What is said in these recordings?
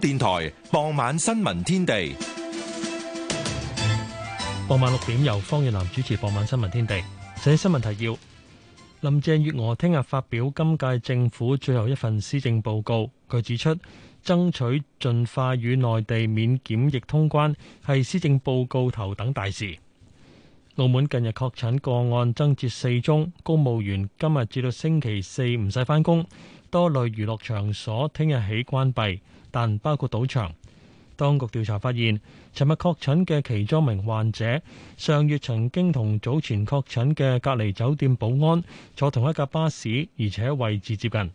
電台傍晚新聞天地，傍晚六點由方月南主持。傍晚新聞天地，先睇新聞提要。林鄭月娥聽日發表今屆政府最後一份施政報告，佢指出爭取盡快與內地免檢疫通關係施政報告頭等大事。澳門近日確診個案增至四宗，公務員今日至到星期四唔使返工，多類娛樂場所聽日起關閉。但包括賭場，當局調查發現，尋日確診嘅其中一名患者，上月曾經同早前確診嘅隔離酒店保安坐同一架巴士，而且位置接近。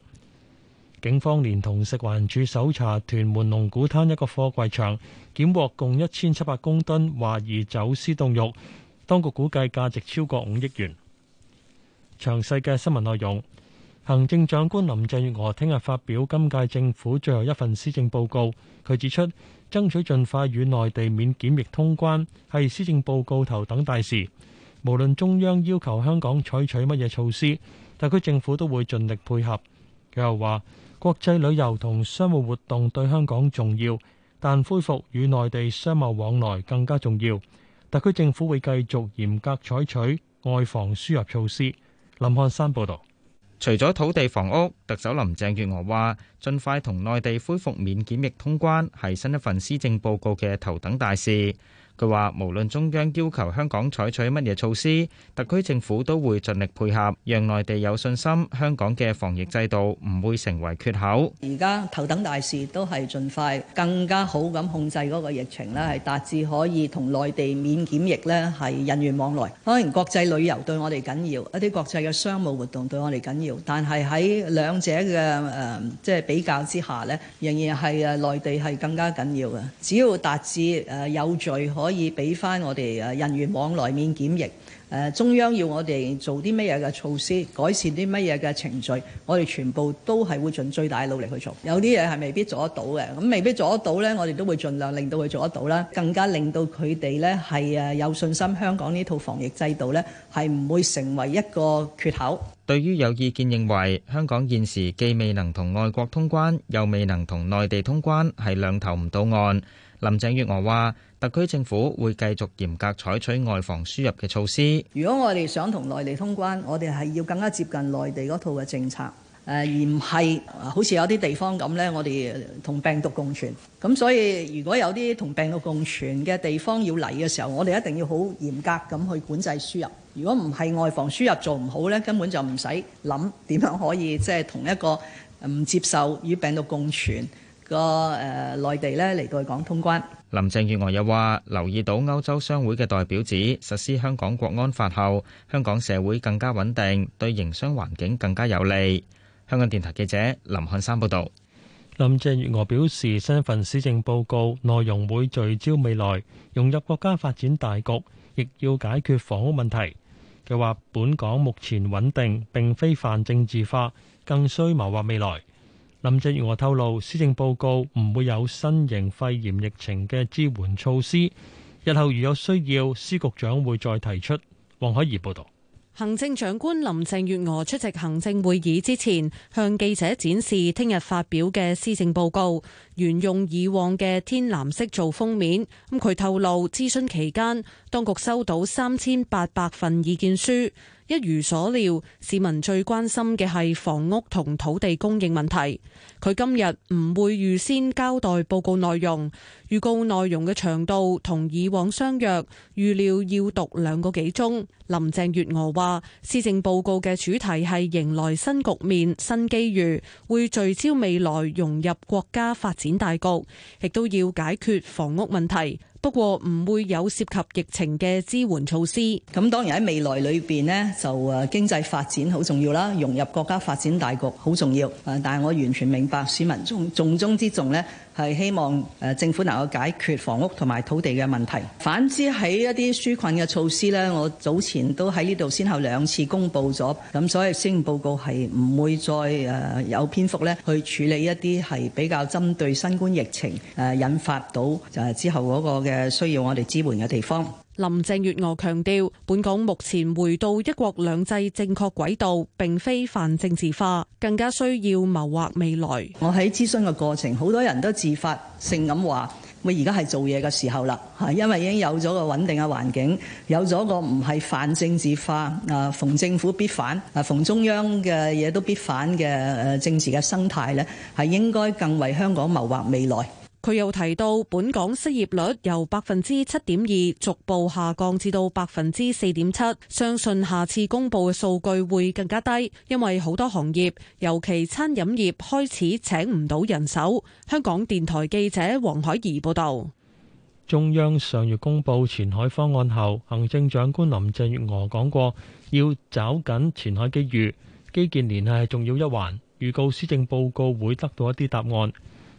警方連同食環署搜查屯門龍鼓灘一個貨櫃場，檢獲共一千七百公噸懷疑走私凍肉，當局估計價值超過五億元。詳細嘅新聞內容。行政長官林鄭月娥聽日發表今屆政府最後一份施政報告，佢指出爭取盡快與內地免檢疫通關係施政報告頭等大事。無論中央要求香港採取乜嘢措施，特區政府都會盡力配合。佢又話：國際旅遊同商務活動對香港重要，但恢復與內地商貿往來更加重要。特區政府會繼續嚴格採取外防輸入措施。林漢山報導。除咗土地房屋，特首林鄭月娥話盡快同內地恢復免檢疫通關，係新一份施政報告嘅頭等大事。佢話：無論中央要求香港採取乜嘢措施，特區政府都會盡力配合，讓內地有信心香港嘅防疫制度唔會成為缺口。而家頭等大事都係盡快更加好咁控制嗰個疫情咧，係達至可以同內地免檢疫咧，係人員往來。當然國際旅遊對我哋緊要，一啲國際嘅商務活動對我哋緊要，但係喺兩者嘅誒即係比較之下咧，仍然係誒內地係更加緊要嘅。只要達至誒有序可。可以俾翻我哋人員往來免檢疫。誒，中央要我哋做啲乜嘢嘅措施，改善啲乜嘢嘅程序，我哋全部都係會盡最大努力去做。有啲嘢係未必做得到嘅，咁未必做得到呢，我哋都會盡量令到佢做得到啦，更加令到佢哋呢係誒有信心，香港呢套防疫制度呢係唔會成為一個缺口。對於有意見認為香港現時既未能同外國通關，又未能同內地通關，係兩頭唔到岸。林鄭月娥話：特區政府會繼續嚴格採取外防輸入嘅措施。如果我哋想同內地通關，我哋係要更加接近內地嗰套嘅政策，誒，而唔係好似有啲地方咁咧。我哋同病毒共存，咁所以如果有啲同病毒共存嘅地方要嚟嘅時候，我哋一定要好嚴格咁去管制輸入。如果唔係外防輸入做唔好咧，根本就唔使諗點樣可以即係、就是、同一個唔接受與病毒共存。個誒內地咧嚟到港通關，林鄭月娥又話留意到歐洲商會嘅代表指，實施香港國安法後，香港社會更加穩定，對營商環境更加有利。香港電台記者林漢山報導。林鄭月娥表示，新份施政報告內容會聚焦未來，融入國家發展大局，亦要解決房屋問題。佢話本港目前穩定並非泛政治化，更需謀劃未來。林鄭月娥透露，施政報告唔會有新型肺炎疫情嘅支援措施，日後如有需要，司局長會再提出。黃海怡報道。行政長官林鄭月娥出席行政會議之前，向記者展示聽日發表嘅施政報告，沿用以往嘅天藍色做封面。咁佢透露，諮詢期間當局收到三千八百份意見書，一如所料，市民最關心嘅係房屋同土地供應問題。佢今日唔會預先交代報告內容，預告內容嘅長度同以往相若，預料要讀兩個幾鐘。林鄭月娥話：施政報告嘅主題係迎來新局面、新機遇，會聚焦未來融入國家發展大局，亦都要解決房屋問題。不過唔會有涉及疫情嘅支援措施。咁當然喺未來裏邊呢，就誒經濟發展好重要啦，融入國家發展大局好重要。誒，但係我完全明白市民重重中之重呢，係希望政府能夠解決房屋同埋土地嘅問題。反之喺一啲疏困嘅措施呢，我早前都喺呢度先後兩次公布咗。咁所以施政報告係唔會再有篇幅去處理一啲係比較針對新冠疫情引發到之後嗰個嘅需要我哋支援嘅地方。林鄭月娥強調，本港目前回到一國兩制正確軌道，並非泛政治化，更加需要謀劃未來。我喺諮詢嘅過程，好多人都自發性咁話，咪而家係做嘢嘅時候啦，吓，因為已經有咗個穩定嘅環境，有咗個唔係泛政治化啊，逢政府必反啊，逢中央嘅嘢都必反嘅政治嘅生態咧，係應該更為香港謀劃未來。佢又提到，本港失業率由百分之七點二逐步下降至到百分之四點七，相信下次公布嘅數據會更加低，因為好多行業，尤其餐飲業開始請唔到人手。香港電台記者黃海怡報道。中央上月公布前海方案後，行政長官林鄭月娥講過，要找緊前海機遇，基建聯繫係重要一環。預告施政報告會得到一啲答案。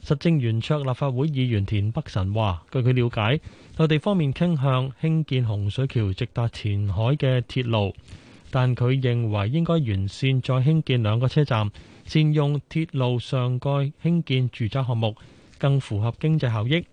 實政圓桌立法會議員田北辰話：據佢瞭解，內地方面傾向興建洪水橋直達前海嘅鐵路，但佢認為應該沿線再興建兩個車站，善用鐵路上蓋興建住宅項目，更符合經濟效益。規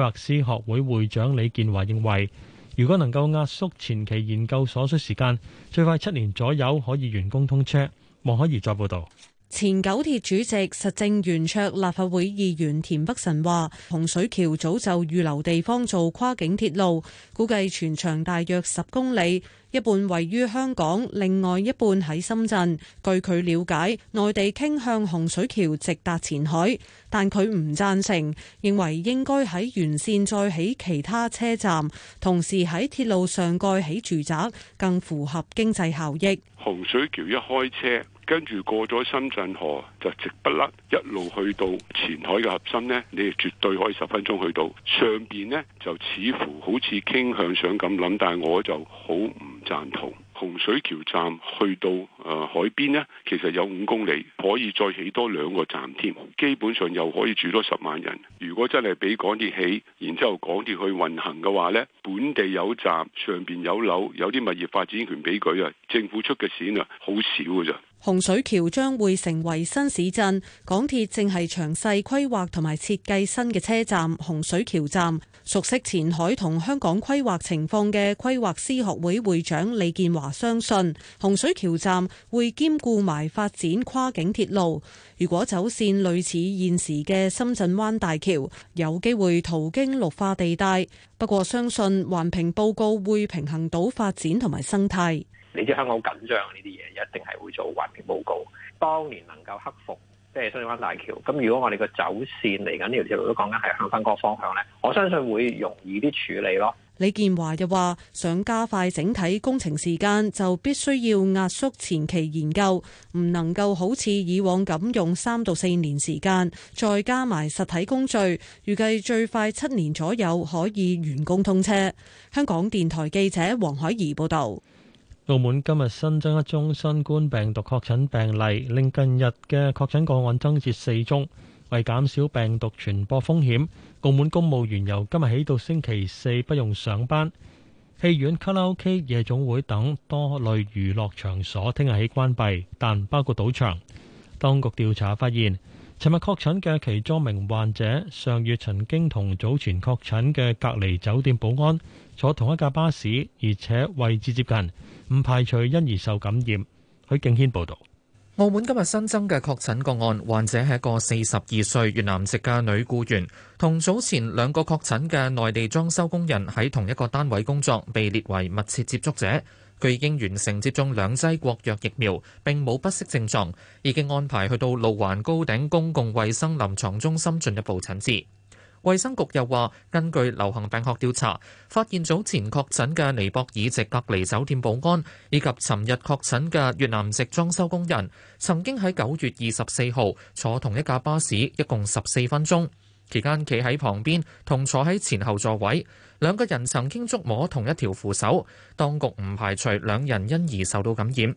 劃師學會會長李建華認為，如果能夠壓縮前期研究所需時間，最快七年左右可以完工通車。黃可怡再報道。前九鐵主席、實政圓桌立法會議員田北辰話：洪水橋早就預留地方做跨境鐵路，估計全長大約十公里，一半位於香港，另外一半喺深圳。據佢了解，內地傾向洪水橋直達前海，但佢唔贊成，認為應該喺沿線再起其他車站，同時喺鐵路上蓋起住宅，更符合經濟效益。洪水橋一開車。跟住過咗深圳河，就直不甩一路去到前海嘅核心呢，你哋絕對可以十分鐘去到上邊呢，就似乎好似傾向想咁諗，但係我就好唔贊同。洪水橋站去到誒、呃、海邊呢，其實有五公里可以再起多兩個站添，基本上又可以住多十萬人。如果真係俾港鐵起，然之後港鐵去運行嘅話呢，本地有站，上邊有樓，有啲物業發展權俾佢啊，政府出嘅錢啊，好少㗎咋。洪水橋將會成為新市鎮，港鐵正係詳細規劃同埋設計新嘅車站——洪水橋站。熟悉前海同香港規劃情況嘅規劃師學會會長李建華相信，洪水橋站會兼顧埋發展跨境鐵路。如果走線類似現時嘅深圳灣大橋，有機會途經綠化地帶。不過相信環評報告會平衡到發展同埋生態。你知香港好緊張呢啲嘢，一定係會做環評報告。當年能夠克服，即係西灣大橋，咁如果我哋個走線嚟緊呢條道路都講緊係向翻個方向咧，我相信會容易啲處理咯。李建華又話：想加快整體工程時間就必須要壓縮前期研究，唔能夠好似以往咁用三到四年時間，再加埋實體工序，預計最快七年左右可以完工通車，香港電台記者黃海怡報道。澳門今日新增一宗新冠病毒確診病例，令近日嘅確診個案增至四宗。為減少病毒傳播風險，澳門公務員由今日起到星期四不用上班。戲院、卡拉 OK、夜總會等多類娛樂場所聽日起關閉，但包括賭場。當局調查發現。尋日確診嘅其中一名患者，上月曾經同早前確診嘅隔離酒店保安坐同一架巴士，而且位置接近，唔排除因而受感染。許敬軒報道。澳門今日新增嘅確診個案，患者係一個四十二歲越南籍嘅女僱員，同早前兩個確診嘅內地裝修工人喺同一個單位工作，被列為密切接觸者。佢已經完成接種兩劑國藥疫苗，並冇不適症狀，已經安排去到路環高頂公共衛生臨牀中心進一步診治。衛生局又話，根據流行病學調查，發現早前確診嘅尼泊爾籍隔離酒店保安以及尋日確診嘅越南籍裝修工人，曾經喺九月二十四號坐同一架巴士，一共十四分鐘，期間企喺旁邊同坐喺前後座位。兩個人曾經觸摸同一條扶手，當局唔排除兩人因而受到感染。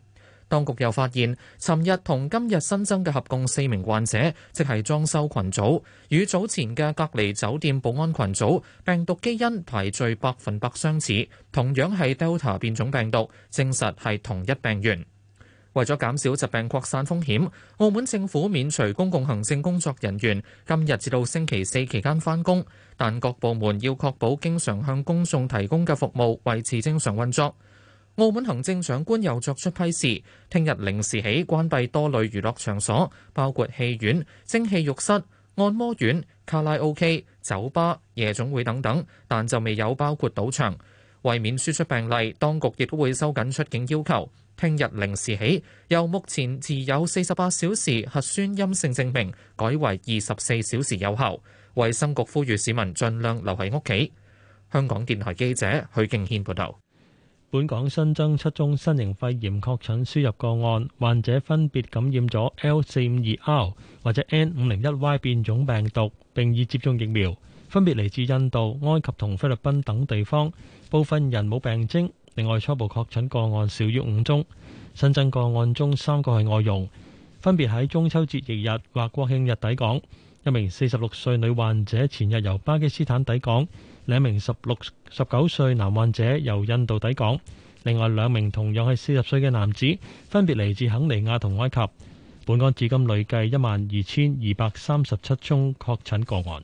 當局又發現，尋日同今日新增嘅合共四名患者，即係裝修群組，與早前嘅隔離酒店保安群組，病毒基因排序百分百相似，同樣係 Delta 變種病毒，證實係同一病源。為咗減少疾病擴散風險，澳門政府免除公共行政工作人員今日至到星期四期間返工，但各部門要確保經常向公眾提供嘅服務維持正常運作。澳門行政長官又作出批示，聽日零時起關閉多類娛樂場所，包括戲院、蒸汽浴室、按摩院、卡拉 OK、酒吧、夜總會等等，但就未有包括賭場。為免輸出病例，當局亦都會收緊出境要求。聽日零時起，由目前持有四十八小時核酸陰性證明改為二十四小時有效。衛生局呼籲市民盡量留喺屋企。香港電台記者許敬軒報道：本港新增七宗新型肺炎確診輸入個案，患者分別感染咗 L 四五二 R 或者 N 五零一 Y 變種病毒，並已接種疫苗，分別嚟自印度、埃及同菲律賓等地方，部分人冇病徵。另外，初步確診個案少於五宗，新增個案中三個係外傭，分別喺中秋節翌日或國慶日抵港。一名四十六歲女患者前日由巴基斯坦抵港，兩名十六、十九歲男患者由印度抵港，另外兩名同樣係四十歲嘅男子分別嚟自肯尼亞同埃及。本港至今累計一萬二千二百三十七宗確診個案。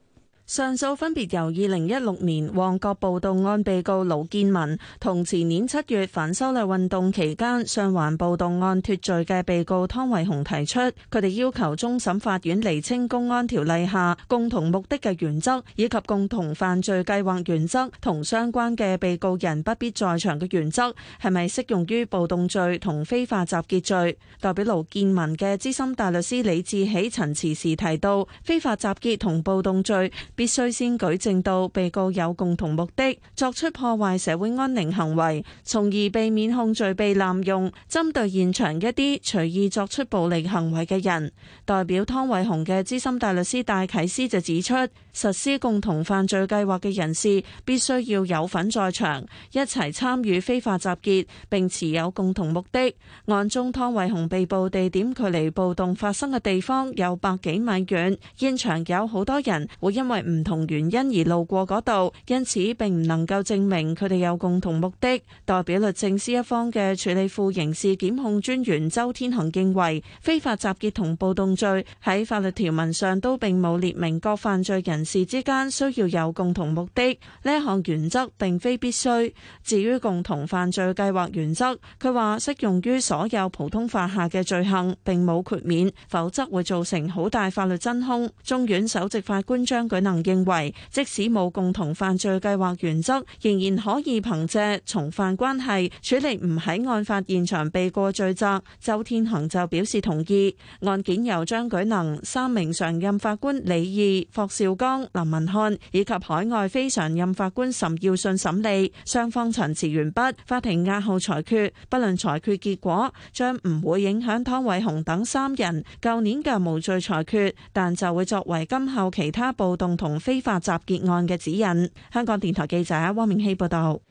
上訴分別由二零一六年旺角暴動案被告盧建文同前年七月反修例運動期間上環暴動案脫罪嘅被告湯偉雄提出，佢哋要求終審法院釐清《公安條例》下共同目的嘅原則，以及共同犯罪計劃原則同相關嘅被告人不必在場嘅原則，係咪適用於暴動罪同非法集結罪？代表盧建文嘅資深大律師李志喜陳詞時提到，非法集結同暴動罪，必須先舉證到被告有共同目的，作出破壞社會安寧行為，從而避免控罪被濫用，針對現場一啲隨意作出暴力行為嘅人，代表湯偉雄嘅資深大律師戴啟思就指出，實施共同犯罪計劃嘅人士，必須要有份在場，一齊參與非法集結，並持有共同目的。案中湯偉雄被捕地點距離暴動發生嘅地方有百幾米遠，現場有好多人會因為，唔同原因而路過嗰度，因此並唔能夠證明佢哋有共同目的。代表律政司一方嘅處理副刑事檢控專員周天行認為，非法集結同暴動罪喺法律條文上都並冇列明各犯罪人士之間需要有共同目的，呢一項原則並非必須。至於共同犯罪計劃原則，佢話適用於所有普通法下嘅罪行，並冇豁免，否則會造成好大法律真空。中院首席法官將舉。認為即使冇共同犯罪計劃原則，仍然可以憑借從犯關係處理唔喺案發現場避過罪責。周天恒就表示同意。案件由張舉能三名常任法官李義、霍兆剛、林文漢以及海外非常任法官岑耀信審理。雙方陳詞完畢，法庭押後裁決。不論裁決結果，將唔會影響湯偉雄等三人舊年嘅無罪裁決，但就會作為今後其他暴動同非法集結案嘅指引。香港電台記者汪明熙報道，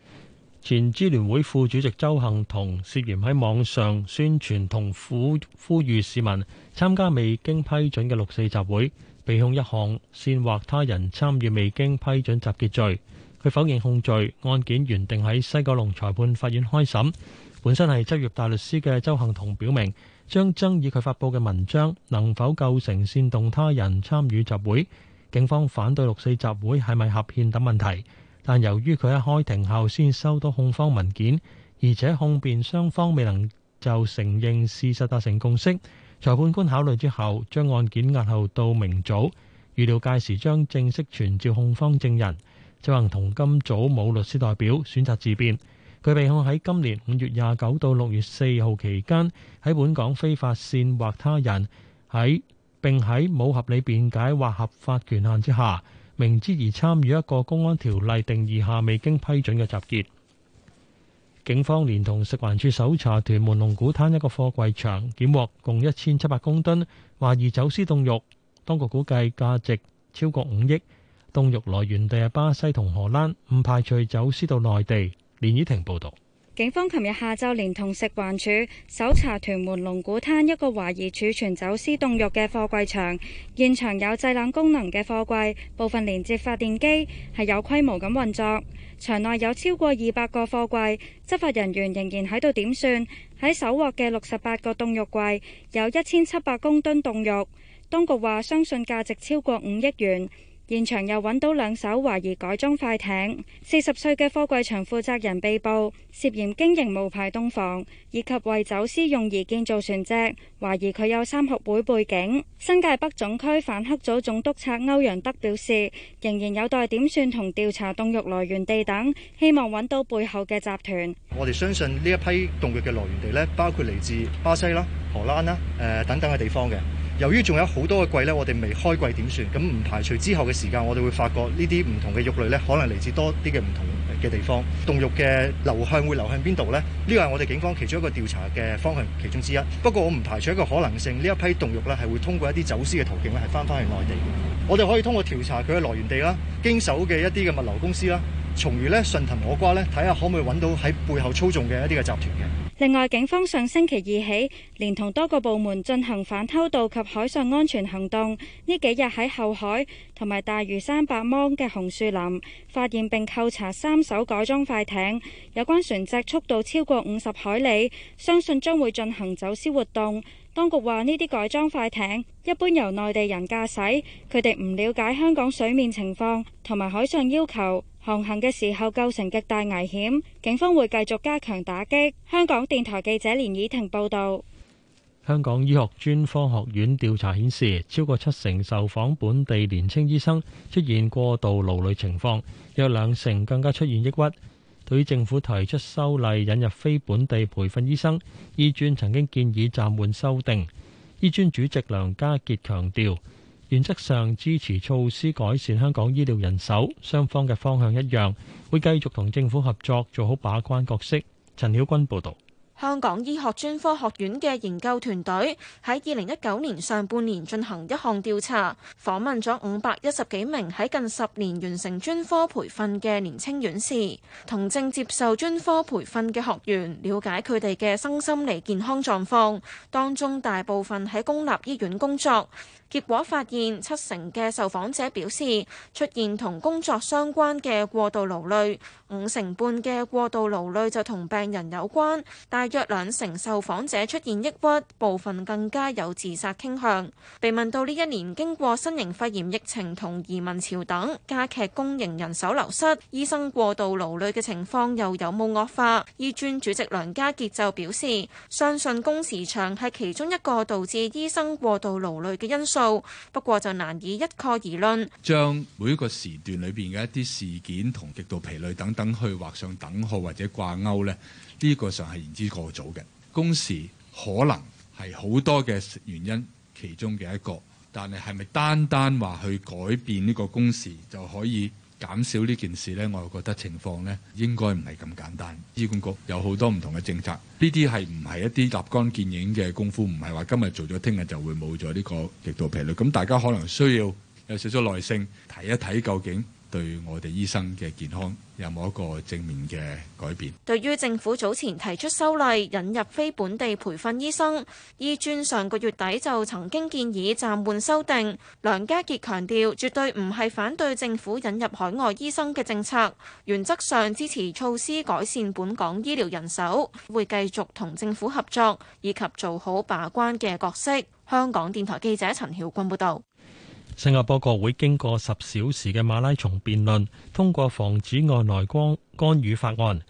前支聯會副主席鄒幸彤涉嫌喺網上宣傳同呼呼籲市民參加未經批准嘅六四集會，被控一項煽惑他人參與未經批准集結罪。佢否認控罪，案件原定喺西九龍裁判法院開審。本身係執業大律師嘅鄒幸彤表明，將爭議佢發布嘅文章能否構成煽動他人參與集會。警方反對六四集會係咪合憲等問題，但由於佢喺開庭後先收到控方文件，而且控辯雙方未能就承認事實達成共識，裁判官考慮之後將案件押後到明早，預料屆時將正式傳召控方證人。鄒幸彤今早冇律師代表，選擇自辯。佢被控喺今年五月廿九到六月四號期間喺本港非法煽惑他人喺，並喺冇合理辯解或合法權限之下，明知而參與一個公安條例定義下未經批准嘅集結。警方連同食環署搜查屯門龍鼓灘一個貨櫃場，檢獲共一千七百公噸，懷疑走私凍肉。當局估計價值超過五億，凍肉來源地係巴西同荷蘭，唔排除走私到內地。連綺婷報道。警方琴日下晝連同食環署搜查屯門龍鼓灘一個懷疑儲存走私凍肉嘅貨櫃場，現場有製冷功能嘅貨櫃，部分連接發電機，係有規模咁運作。場內有超過二百個貨櫃，執法人員仍然喺度點算喺搜獲嘅六十八個凍肉櫃，有一千七百公噸凍肉，當局話相信價值超過五億元。現場又揾到兩艘懷疑改裝快艇，四十歲嘅貨櫃場負責人被捕，涉嫌經營無牌凍房以及為走私用而建造船隻，懷疑佢有三合會背景。新界北總區反黑組總督察歐陽德表示，仍然有待點算同調查凍肉來源地等，希望揾到背後嘅集團。我哋相信呢一批凍肉嘅來源地咧，包括嚟自巴西啦、荷蘭啦、誒等等嘅地方嘅。由於仲有好多嘅櫃呢，我哋未開櫃點算，咁唔排除之後嘅時間，我哋會發覺呢啲唔同嘅肉類呢，可能嚟自多啲嘅唔同嘅地方。凍肉嘅流向會流向邊度呢？呢、呢個係我哋警方其中一個調查嘅方向，其中之一。不過我唔排除一個可能性，呢一批凍肉呢係會通過一啲走私嘅途徑呢，係翻返去內地。我哋可以通過調查佢嘅來源地啦，經手嘅一啲嘅物流公司啦，從而呢順藤摸瓜呢，睇下可唔可以揾到喺背後操縱嘅一啲嘅集團嘅。另外，警方上星期二起，連同多個部門進行反偷渡及海上安全行動。呢幾日喺後海同埋大嶼山白芒嘅紅樹林，發現並扣查三艘改裝快艇。有關船隻速度超過五十海里，相信將會進行走私活動。當局話呢啲改裝快艇一般由內地人駕駛，佢哋唔了解香港水面情況同埋海上要求。航行嘅時候構成極大危險，警方會繼續加強打擊。香港電台記者連以婷報道。香港醫學專科學院調查顯示，超過七成受訪本地年青醫生出現過度勞累情況，有兩成更加出現抑鬱。對於政府提出修例引入非本地培訓醫生，醫專曾經建議暫緩修訂。醫專主席梁家傑強調，原則上支持措施改善香港醫療人手，雙方嘅方向一樣，會繼續同政府合作做好把關角色。陳曉君報導。香港醫學專科學院嘅研究團隊喺二零一九年上半年進行一項調查，訪問咗五百一十幾名喺近十年完成專科培訓嘅年輕院士同正接受專科培訓嘅學員，了解佢哋嘅身心理健康狀況。當中大部分喺公立醫院工作，結果發現七成嘅受訪者表示出現同工作相關嘅過度勞累，五成半嘅過度勞累就同病人有關，但約兩成受訪者出現抑鬱，部分更加有自殺傾向。被問到呢一年經過新型肺炎疫情同移民潮等加劇公營人手流失，醫生過度勞累嘅情況又有冇惡化？醫專主席梁家傑就表示，相信工時長係其中一個導致醫生過度勞累嘅因素，不過就難以一概而論。將每一個時段裏邊嘅一啲事件同極度疲累等等去畫上等號或者掛鈎呢。呢個上係言之過早嘅工時，可能係好多嘅原因其中嘅一個。但係係咪單單話去改變呢個工時就可以減少呢件事呢？我又覺得情況呢應該唔係咁簡單。醫管局有好多唔同嘅政策，呢啲係唔係一啲立竿見影嘅功夫？唔係話今日做咗，聽日就會冇咗呢個極度疲勞。咁、嗯、大家可能需要有少少耐性睇一睇究竟。對我哋醫生嘅健康有冇一個正面嘅改變？對於政府早前提出修例引入非本地培訓醫生，醫專上個月底就曾經建議暫緩修訂。梁家傑強調，絕對唔係反對政府引入海外醫生嘅政策，原則上支持措施改善本港醫療人手，會繼續同政府合作，以及做好把關嘅角色。香港電台記者陳曉君報導。新加坡國會經過十小時嘅馬拉松辯論，通過防止外來干預法案。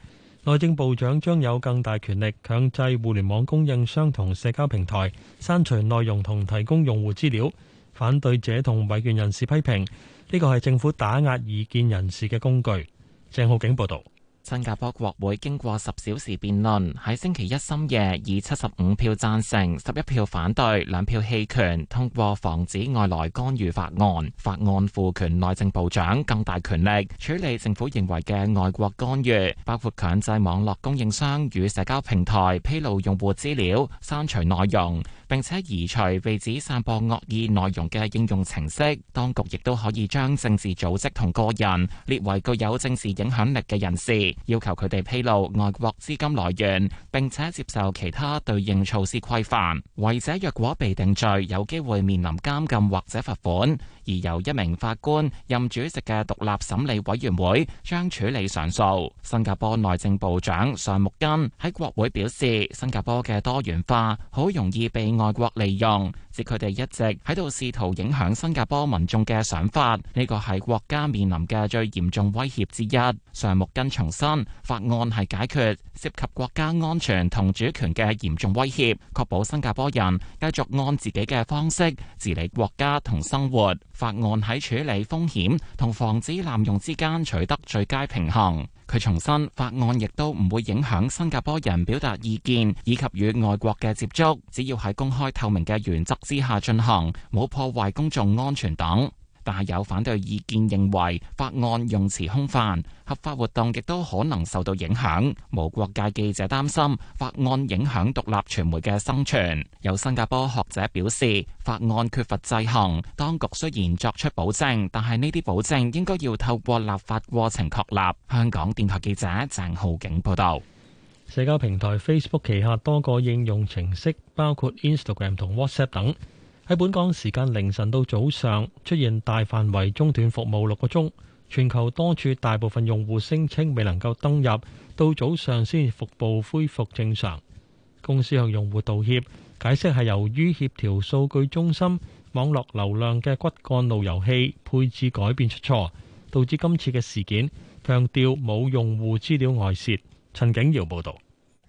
內政部長將有更大權力強制互聯網供應商同社交平台刪除內容同提供用戶資料。反對者同維權人士批評呢個係政府打壓異見人士嘅工具。鄭浩景報道。新加坡國會經過十小時辯論，喺星期一深夜以七十五票贊成、十一票反對、兩票棄權，通過防止外來干預法案。法案賦權內政部長更大權力處理政府認為嘅外國干預，包括強制網絡供應商與社交平台披露用戶資料、刪除內容。並且移除被指散播惡意內容嘅應用程式，當局亦都可以將政治組織同個人列為具有政治影響力嘅人士，要求佢哋披露外國資金來源，並且接受其他對應措施規範，違者若果被定罪，有機會面臨監禁或者罰款。而由一名法官任主席嘅獨立審理委員會將處理上訴。新加坡內政部長尚穆根喺國會表示，新加坡嘅多元化好容易被外國利用，指佢哋一直喺度試圖影響新加坡民眾嘅想法。呢個係國家面臨嘅最嚴重威脅之一。尚木根重申法案係解決涉及國家安全同主權嘅嚴重威脅，確保新加坡人繼續按自己嘅方式治理國家同生活。法案喺處理風險同防止濫用之間取得最佳平衡。佢重申，法案亦都唔會影響新加坡人表達意見，以及與外國嘅接觸，只要喺公開透明嘅原則之下進行，冇破壞公眾安全等。但係有反對意見認為法案用詞空泛，合法活動亦都可能受到影響。無國界記者擔心法案影響獨立傳媒嘅生存。有新加坡學者表示，法案缺乏制衡，當局雖然作出保證，但係呢啲保證應該要透過立法過程確立。香港電台記者鄭浩景報道。社交平台 Facebook 旗下多個應用程式，包括 Instagram 同 WhatsApp 等。喺本港時間凌晨到早上出現大範圍中斷服務六個鐘，全球多處大部分用戶聲稱未能夠登入，到早上先至服務恢復正常。公司向用戶道歉，解釋係由於協調數據中心網絡流量嘅骨幹路由器配置改變出錯，導致今次嘅事件。強調冇用戶資料外泄。陳景堯報道。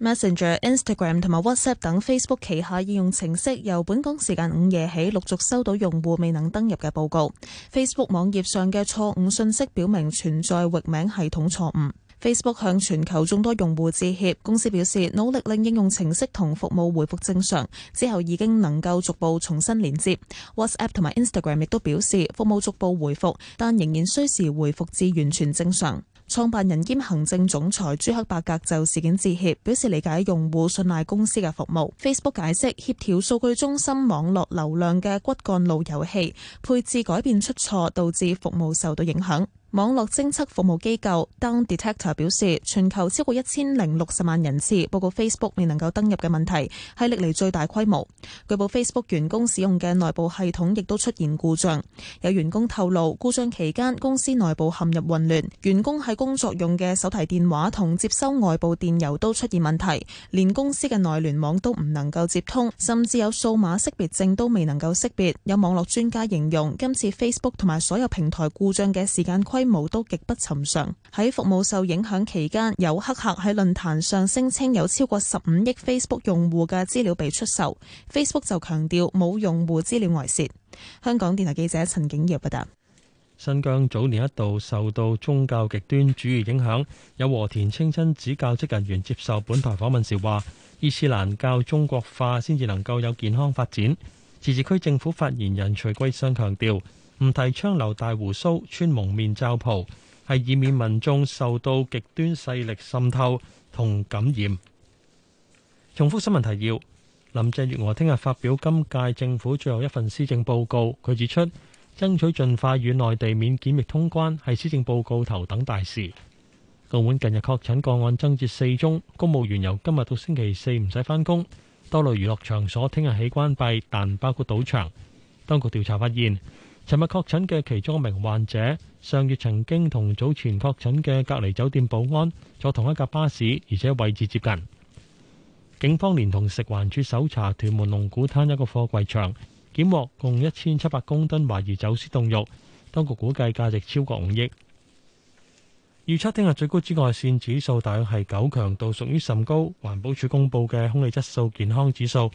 Messenger、Instagram 同埋 WhatsApp 等 Facebook 旗下應用程式，由本港時間午夜起陸續收到用戶未能登入嘅報告。Facebook 網頁上嘅錯誤信息表明存在域名系統錯誤。Facebook 向全球眾多用戶致歉，公司表示努力令應用程式同服務回復正常，之後已經能夠逐步重新連接。WhatsApp 同埋 Instagram 亦都表示服務逐步回復，但仍然需時回復至完全正常。創辦人兼行政總裁朱克伯格就事件致歉，表示理解用戶信賴公司嘅服務。Facebook 解釋，協調數據中心網絡流量嘅骨幹路由器配置改變出錯，導致服務受到影響。網絡偵測服務機構 DownDetector 表示，全球超過一千零六十萬人次報告 Facebook 未能夠登入嘅問題，係歷嚟最大規模。據報 Facebook 員工使用嘅內部系統亦都出現故障，有員工透露，故障期間公司內部陷入混亂，員工喺工作用嘅手提電話同接收外部電郵都出現問題，連公司嘅內聯網都唔能夠接通，甚至有數碼識別證都未能夠識別。有網絡專家形容，今次 Facebook 同埋所有平台故障嘅時間規都極不尋常。喺服務受影響期間，有黑客喺論壇上聲稱有超過十五億 Facebook 用戶嘅資料被出售。Facebook 就強調冇用戶資料外泄。香港電台記者陳景耀報道。新疆早年一度受到宗教極端主義影響，有和田清真寺教職人員接受本台訪問時話，伊斯蘭教中國化先至能夠有健康發展。自治區政府發言人徐桂生強調。唔提倡留大鬍鬚、穿蒙面罩袍，係以免民眾受到極端勢力滲透同感染。重複新聞提要：林鄭月娥聽日發表今屆政府最後一份施政報告，佢指出爭取盡快與內地免檢疫通關係施政報告頭等大事。澳門近日確診個案增至四宗，公務員由今日到星期四唔使返工，多類娛樂場所聽日起關閉，但包括賭場。當局調查發現。尋日確診嘅其中一名患者，上月曾經同早前確診嘅隔離酒店保安坐同一架巴士，而且位置接近。警方連同食環署搜查屯門龍鼓灘一個貨櫃場，檢獲共一千七百公噸懷疑走私凍肉，當局估計價值超過五億。預測聽日最高紫外線指數大約係九，強度屬於甚高。環保署公布嘅空氣質素健康指數，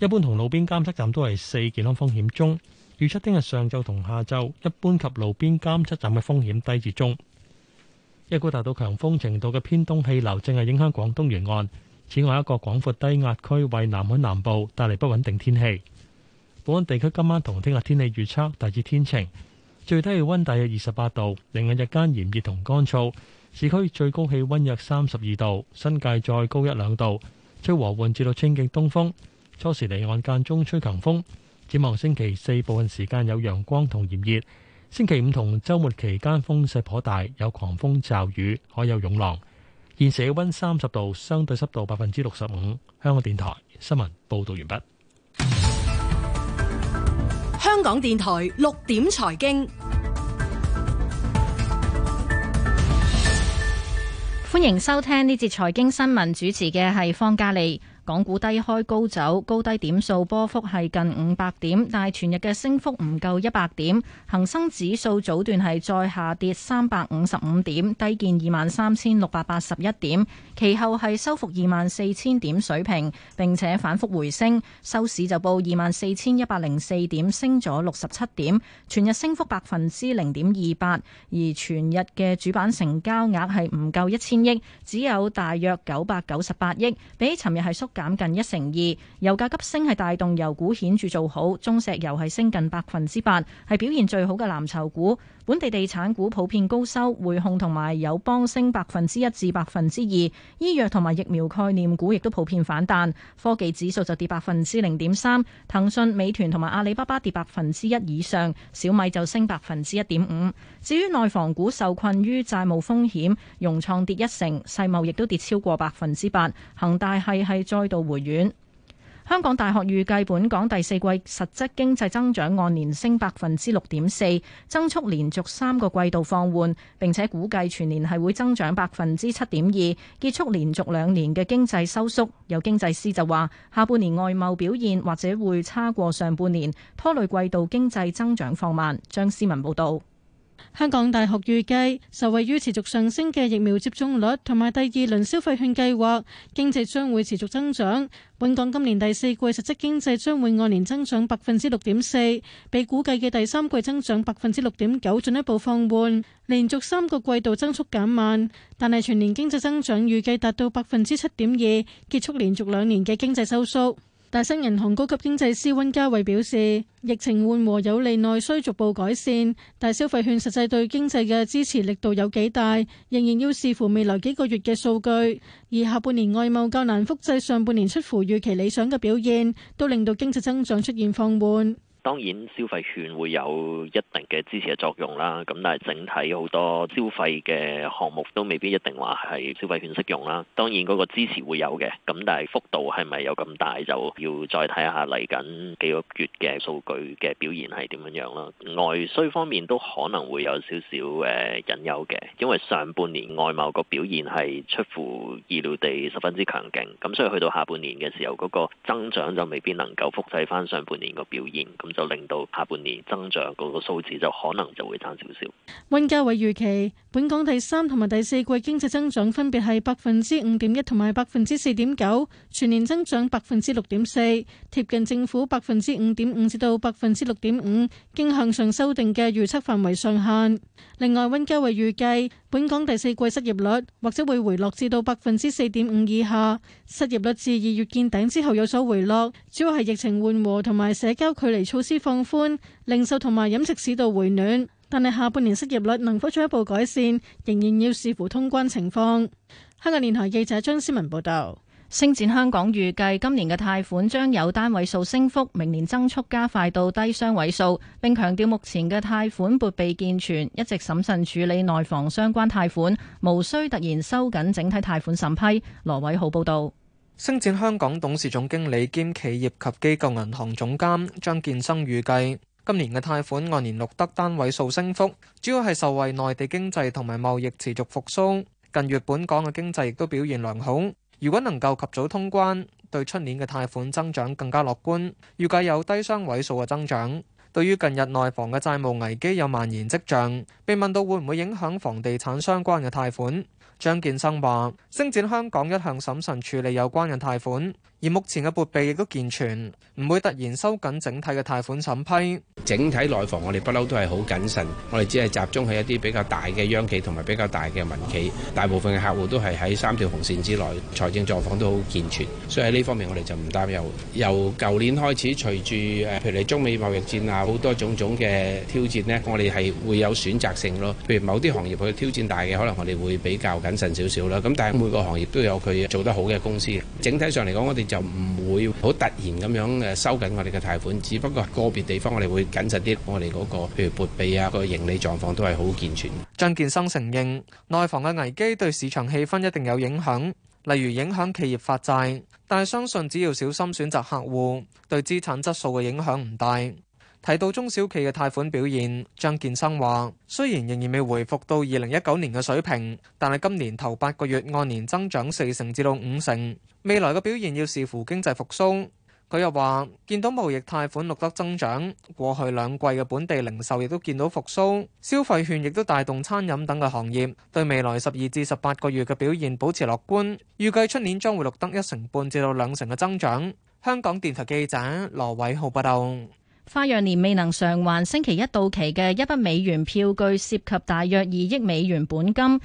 一般同路邊監測站都係四，健康風險中。預測聽日上晝同下晝一般及路邊監測站嘅風險低至中。一股達到強風程度嘅偏東氣流正係影響廣東沿岸，此外一個廣闊低壓區為南海南部帶嚟不穩定天氣。本港地區今晚同聽日天氣預測大致天晴，最低氣温大約二十八度，另日日間炎熱同乾燥，市區最高氣温約三十二度，新界再高一兩度，吹和緩至到清勁東風，初時離岸間中吹強風。展望星期四部分時間有陽光同炎熱，星期五同周末期間風勢頗大，有狂風驟雨，海有湧浪。現時氣溫三十度，相對濕度百分之六十五。香港電台新聞報道完畢。香港電台六點財經，歡迎收聽呢節財經新聞，主持嘅係方家利。港股低開高走，高低點數波幅係近五百點，但係全日嘅升幅唔夠一百點。恒生指數早段係再下跌三百五十五點，低見二萬三千六百八十一點，其後係收復二萬四千點水平，並且反覆回升，收市就報二萬四千一百零四點，升咗六十七點，全日升幅百分之零點二八。而全日嘅主板成交額係唔夠一千億，只有大約九百九十八億，比起尋日係縮減近一成二，油價急升係帶動油股顯著做好，中石油係升近百分之八，係表現最好嘅藍籌股。本地地產股普遍高收，匯控同埋友邦升百分之一至百分之二，醫藥同埋疫苗概念股亦都普遍反彈。科技指數就跌百分之零點三，騰訊、美團同埋阿里巴巴跌百分之一以上，小米就升百分之一點五。至於內房股受困於債務風險，融創跌一成，世茂亦都跌超過百分之八，恒大係係再度回軟。香港大學預計本港第四季實質經濟增長按年升百分之六點四，增速連續三個季度放緩，並且估計全年係會增長百分之七點二，結束連續兩年嘅經濟收縮。有經濟師就話，下半年外貿表現或者會差過上半年，拖累季度經濟增長放慢。張思文報導。香港大學預計受惠於持續上升嘅疫苗接種率同埋第二輪消費券計劃，經濟將會持續增長。本港今年第四季實質經濟將會按年增長百分之六點四，比估計嘅第三季增長百分之六點九，進一步放緩，連續三個季度增速減慢。但係全年經濟增長預計達到百分之七點二，結束連續兩年嘅經濟收縮。大新銀行高級經濟師溫家慧表示，疫情緩和有利內需逐步改善，但消費券實際對經濟嘅支持力度有幾大，仍然要視乎未來幾個月嘅數據。而下半年外貿較難複製上半年出乎預期理想嘅表現，都令到經濟增長出現放緩。當然消費券會有一定嘅支持嘅作用啦，咁但係整體好多消費嘅項目都未必一定話係消費券適用啦。當然嗰個支持會有嘅，咁但係幅度係咪有咁大就要再睇下嚟緊幾個月嘅數據嘅表現係點樣樣咯。外需方面都可能會有少少誒隱憂嘅，因為上半年外貿個表現係出乎意料地十分之強勁，咁所以去到下半年嘅時候嗰個增長就未必能夠複製翻上半年個表現咁。就令到下半年增長嗰個數字就可能就會差少少。溫家偉預期本港第三同埋第四季經濟增長分別係百分之五點一同埋百分之四點九，全年增長百分之六點四，貼近政府百分之五點五至到百分之六點五經向上修訂嘅預測範圍上限。另外，溫家偉預計本港第四季失業率或者會回落至到百分之四點五以下，失業率至二月見頂之後有所回落，主要係疫情緩和同埋社交距離措司放寬，零售同埋飲食市道回暖，但係下半年失業率能否進一步改善，仍然要視乎通關情況。香港電台記者張思文報道。星展香港預計今年嘅貸款將有單位數升幅，明年增速加快到低雙位數，並強調目前嘅貸款撥備健全，一直審慎處理內房相關貸款，無需突然收緊整體貸款審批。羅偉豪報道。星展香港董事總經理兼企業及機構銀行總監張建生預計，今年嘅貸款按年錄得單位數升幅，主要係受惠內地經濟同埋貿易持續復甦。近月本港嘅經濟亦都表現良好，如果能夠及早通關，對出年嘅貸款增長更加樂觀，預計有低雙位數嘅增長。對於近日內房嘅債務危機有蔓延跡象，被問到會唔會影響房地產相關嘅貸款。張建生話，星展香港一向審慎處理有關嘅貸款。而目前嘅撥備亦都健全，唔會突然收緊整體嘅貸款審批。整體內房我哋不嬲都係好謹慎，我哋只係集中喺一啲比較大嘅央企同埋比較大嘅民企。大部分嘅客戶都係喺三條紅線之內，財政狀況都好健全，所以喺呢方面我哋就唔擔憂。由舊年開始隨，隨住譬如你中美貿易戰啊，好多種種嘅挑戰咧，我哋係會有選擇性咯。譬如某啲行業佢挑戰大嘅，可能我哋會比較謹慎少少啦。咁但係每個行業都有佢做得好嘅公司。整體上嚟講，我哋。又唔會好突然咁樣誒收緊我哋嘅貸款，只不過個別地方我哋會謹慎啲，我哋嗰、個譬如撥備啊、個盈利狀況都係好健全。張建生承認內房嘅危機對市場氣氛一定有影響，例如影響企業發債，但係相信只要小心選擇客戶，對資產質素嘅影響唔大。提到中小企嘅貸款表現，張建生話，雖然仍然未回復到二零一九年嘅水平，但係今年頭八個月按年增長四成至到五成。未來嘅表現要視乎經濟復蘇，佢又話見到貿易貸款錄得增長，過去兩季嘅本地零售亦都見到復蘇，消費券亦都帶動餐飲等嘅行業，對未來十二至十八個月嘅表現保持樂觀，預計出年將會錄得一成半至到兩成嘅增長。香港電台記者羅偉浩報道。花樣年未能償還星期一到期嘅一筆美元票據，涉及大約二億美元本金。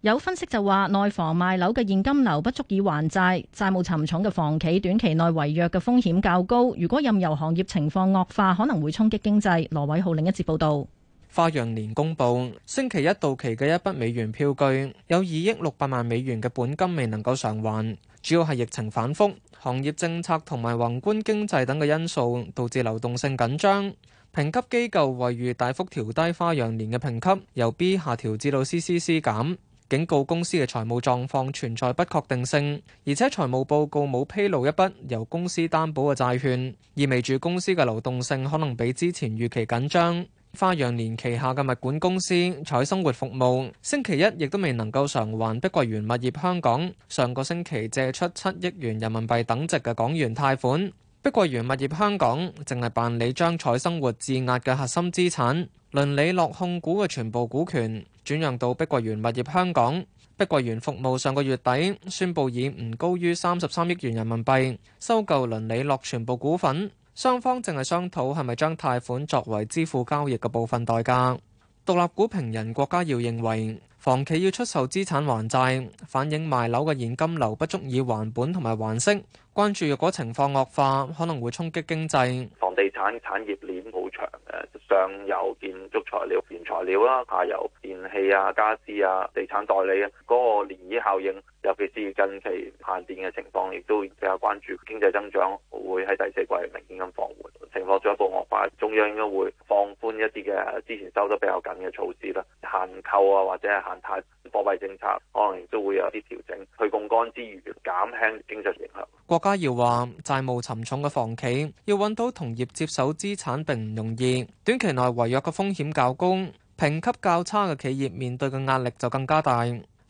有分析就話，內房賣樓嘅現金流不足以還債，債務沉重嘅房企短期內違約嘅風險較高。如果任由行業情況惡化，可能會衝擊經濟。羅偉浩另一節報道。花樣年公布星期一到期嘅一筆美元票據有二億六百萬美元嘅本金未能夠償還，主要係疫情反復，行業政策同埋宏觀經濟等嘅因素導致流動性緊張。評級機構惠譽大幅調低花樣年嘅評級，由 B 下調至到 CCC 減，警告公司嘅財務狀況存在不確定性，而且財務報告冇披露一筆由公司擔保嘅債券，意味住公司嘅流動性可能比之前預期緊張。花樣年旗下嘅物管公司彩生活服務，星期一亦都未能夠償還碧桂園物業香港上個星期借出七億元人民幣等值嘅港元貸款。碧桂園物業香港淨係辦理將彩生活質押嘅核心資產、鄰里樂控股嘅全部股權轉讓到碧桂園物業香港。碧桂園服務上個月底宣布以唔高於三十三億元人民幣收購鄰里樂全部股份。雙方淨係商討係咪將貸款作為支付交易嘅部分代價。獨立股評人郭家耀認為，房企要出售資產還債，反映賣樓嘅現金流不足以還本同埋還息。關注若果情況惡化，可能會衝擊經濟。房地產產業鏈好長嘅，上游建築材料、原材料啦，下游電器啊、家私啊、地產代理嗰個漣漪效應。尤其是近期限電嘅情況亦都比較關注，經濟增長會喺第四季明顯咁放緩。情況進一步惡化，中央應該會放寬一啲嘅之前收得比較緊嘅措施啦，限購啊或者係限貸貨幣政策，可能亦都會有啲調整，去杠杆之餘減輕經濟影響。郭家堯話債務沉重嘅房企要揾到同業接手資產並唔容易，短期內違約嘅風險較高，評級較差嘅企業面對嘅壓力就更加大。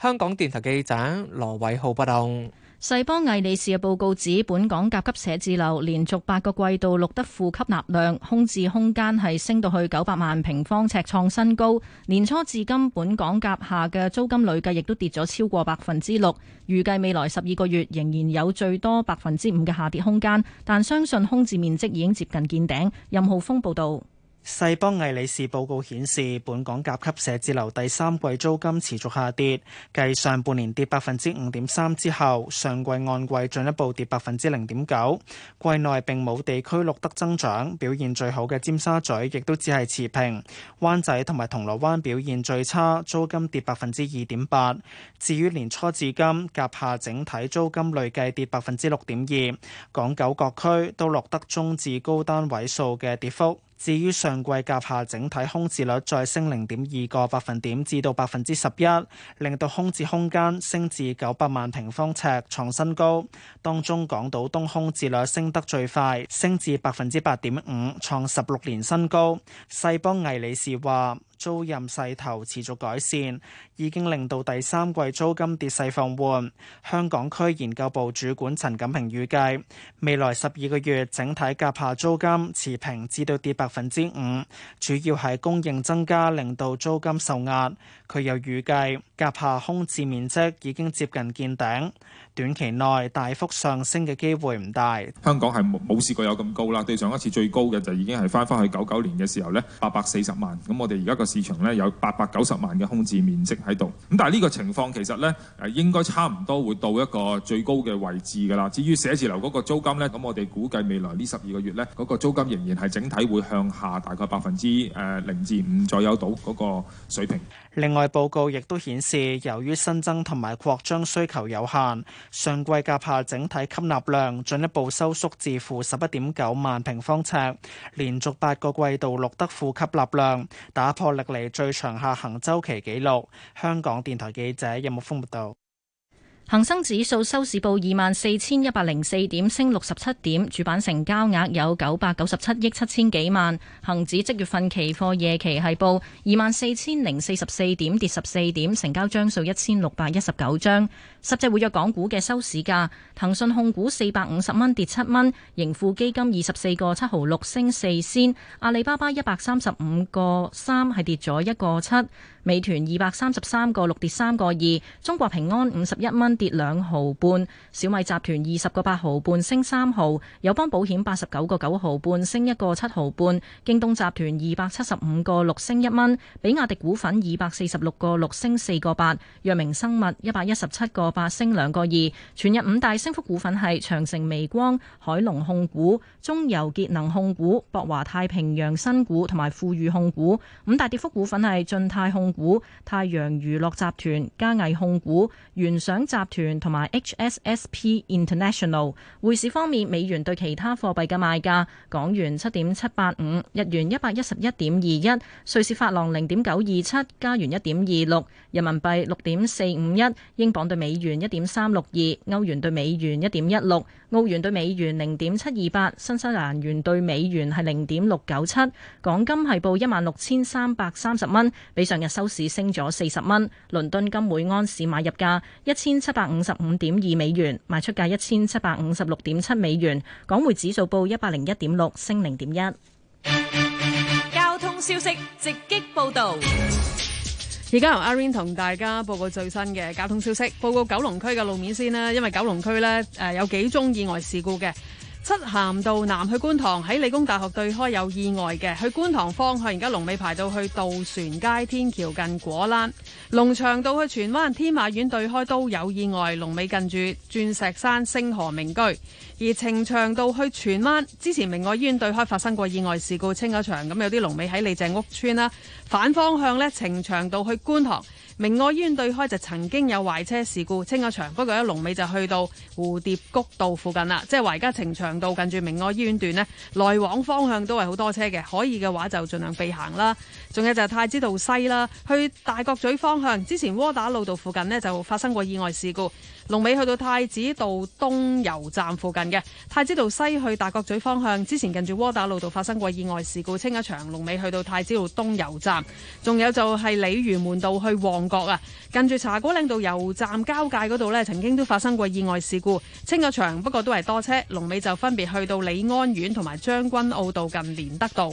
香港電台記者羅偉浩報道，世邦魏理仕嘅報告指，本港甲級寫字樓連續八個季度錄得負吸納量，空置空間係升到去九百萬平方尺創新高。年初至今，本港甲下嘅租金累計亦都跌咗超過百分之六，預計未來十二個月仍然有最多百分之五嘅下跌空間，但相信空置面積已經接近見頂。任浩峰報道。世邦魏理仕報告顯示，本港甲級寫字樓第三季租金持續下跌，繼上半年跌百分之五點三之後，上季按季進一步跌百分之零點九。季內並冇地區錄得增長，表現最好嘅尖沙咀亦都只係持平。灣仔同埋銅鑼灣表現最差，租金跌百分之二點八。至於年初至今，甲下整體租金累計跌百分之六點二，港九各區都錄得中至高單位數嘅跌幅。至於上季甲廈整體空置率再升零點二個百分點至到百分之十一，令到空置空間升至九百萬平方尺創新高。當中港島東空置率升得最快，升至百分之八點五，創十六年新高。世邦魏理仕話，租賃勢頭持續改善，已經令到第三季租金跌勢放緩。香港區研究部主管陳錦平預計，未來十二個月整體甲廈租金持平至到跌百分之五，主要係供應，增加令到租金受壓。佢又預計甲廈空置面積已經接近見頂，短期內大幅上升嘅機會唔大。香港係冇試過有咁高啦，對上一次最高嘅就已經係翻翻去九九年嘅時候呢，八百四十萬。咁我哋而家個市場呢，有八百九十萬嘅空置面積喺度。咁但係呢個情況其實呢，誒應該差唔多會到一個最高嘅位置㗎啦。至於寫字樓嗰個租金呢，咁我哋估計未來呢十二個月呢，嗰、嗰個租金仍然係整體會向下大概百分之誒零至五左右到嗰個水平。另外。報告亦都顯示，由於新增同埋擴張需求有限，上季甲下整體吸納量進一步收縮至負十一點九萬平方尺，連續八個季度錄得負吸納量，打破歷嚟最長下行週期紀錄。香港電台記者任木風報道。有恒生指數收市報二萬四千一百零四點，升六十七點。主板成交額有九百九十七億七千幾萬。恒指即月份期貨夜期係報二萬四千零四十四點，跌十四點，成交張數一千六百一十九張。十隻活躍港股嘅收市價：騰訊控股四百五十蚊，跌七蚊；盈富基金二十四個七毫六升四仙；阿里巴巴一百三十五個三係跌咗一個七；美團二百三十三個六跌三個二；中國平安五十一蚊。跌兩毫半，小米集團二十個八毫半升三毫，友邦保險八十九個九毫半升一個七毫半，京東集團二百七十五個六升一蚊，比亞迪股份二百四十六個六升四個八，藥明生物一百一十七個八升兩個二。全日五大升幅股份係長城微光、海龍控股、中油節能控股、博華太平洋新股同埋富裕控股。五大跌幅股份係晉泰控股、太陽娛樂集團、嘉藝控股、原想集。團同埋 HSSP International。匯市方面，美元對其他貨幣嘅賣價：港元七點七八五，日元一百一十一點二一，瑞士法郎零點九二七，加元一點二六，人民幣六點四五一，英鎊對美元一點三六二，歐元對美元一點一六。澳元兌美元零點七二八，新西蘭元兌美元係零點六九七，港金係報一萬六千三百三十蚊，比上日收市升咗四十蚊。倫敦金每安士買入價一千七百五十五點二美元，賣出價一千七百五十六點七美元。港匯指數報一百零一點六，升零點一。交通消息直擊報道。而家由阿 rain 同大家報告最新嘅交通消息。報告九龍區嘅路面先啦，因為九龍區呢，誒、呃、有幾宗意外事故嘅。漆咸道南去觀塘喺理工大學對開有意外嘅，去觀塘方向而家龍尾排到去渡船街天橋近果欄。龍翔道去荃灣天馬苑對開都有意外，龍尾近住鑽石山星河名居。而呈祥道去荃灣，之前明愛醫院對開發生過意外事故，清咗場，有啲龍尾喺李鄭屋村啦，反方向咧，呈祥道去觀塘。明愛醫院對開就曾經有壞車事故清一場，不過一龍尾就去到蝴蝶谷道附近啦，即係呈祥道近住明愛醫院段呢，來往方向都係好多車嘅，可以嘅話就盡量避行啦。仲有就係太子道西啦，去大角咀方向之前窩打老道附近呢就發生過意外事故，龍尾去到太子道東油站附近嘅。太子道西去大角咀方向之前近住窩打老道發生過意外事故清一場，龍尾去到太子道東油站。仲有就係鯉魚門道去黃角啊，近住茶果嶺道油站交界嗰度咧，曾經都發生過意外事故，清咗場，不過都係多車。龍尾就分別去到李安苑同埋將軍澳道近連德道。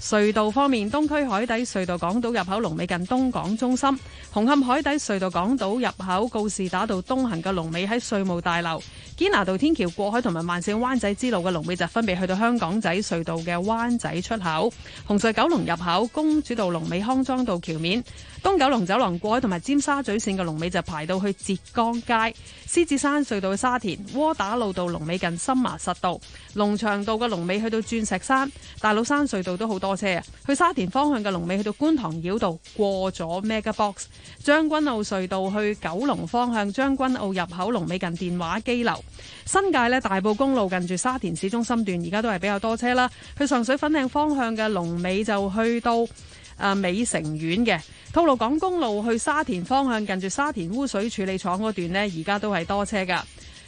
隧道方面，東區海底隧道港島入口龍尾近東港中心；紅磡海底隧道港島入口告士打道東行嘅龍尾喺稅務大樓；堅拿道天橋過海同埋慢線灣仔之路嘅龍尾就分別去到香港仔隧道嘅灣仔出口；紅隧九龍入口公主道龍尾康莊道橋面；東九龍走廊過海同埋尖沙咀線嘅龍尾就排到去浙江街。獅子山隧道沙田窩打老道龍尾近深麻實道，龍翔道嘅龍尾去到鑽石山，大老山隧道都好多車啊！去沙田方向嘅龍尾去到觀塘繞道，過咗 MegaBox。將軍澳隧道去九龍方向將軍澳入口龍尾近電話機樓，新界呢，大埔公路近住沙田市中心段而家都係比較多車啦，去上水粉嶺方向嘅龍尾就去到。啊美城苑嘅吐露港公路去沙田方向，近住沙田污水處理廠嗰段咧，而家都係多車噶。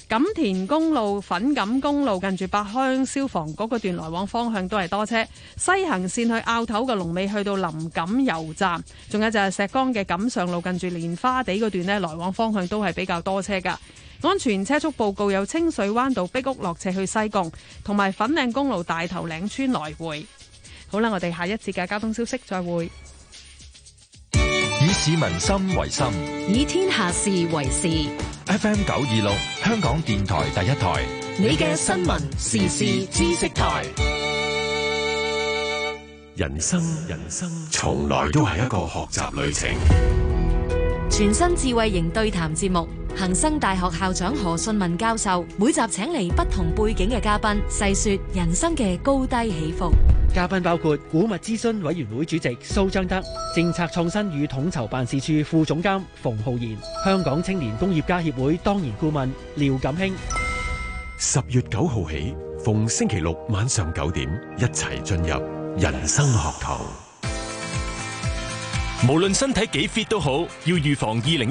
錦田公路、粉錦公路近住八鄉消防局嗰段來往方向都係多車。西行線去坳頭嘅龍尾去到林錦油站，仲有就係石崗嘅錦上路近住蓮花地嗰段咧，來往方向都係比較多車噶。安全車速報告有清水灣道壁屋落斜去西貢同埋粉嶺公路大頭嶺村來回。好啦，我哋下一節嘅交通消息再會。以市民心為心，以天下事為事。FM 九二六，香港電台第一台，你嘅新聞時事知識台。人生人生從來都係一個學習旅程。全新智慧型對談節目，恒生大學校長何順文教授每集請嚟不同背景嘅嘉賓，細說人生嘅高低起伏。嘉賓包括古物諮詢委員會主席蘇彰德、政策創新與統籌辦事處副總監馮浩賢、香港青年工業家協會當然顧問廖錦興。十月九號起，逢星期六晚上九點，一齊進入人生學堂。無論身體幾 fit 都好，要預防二零。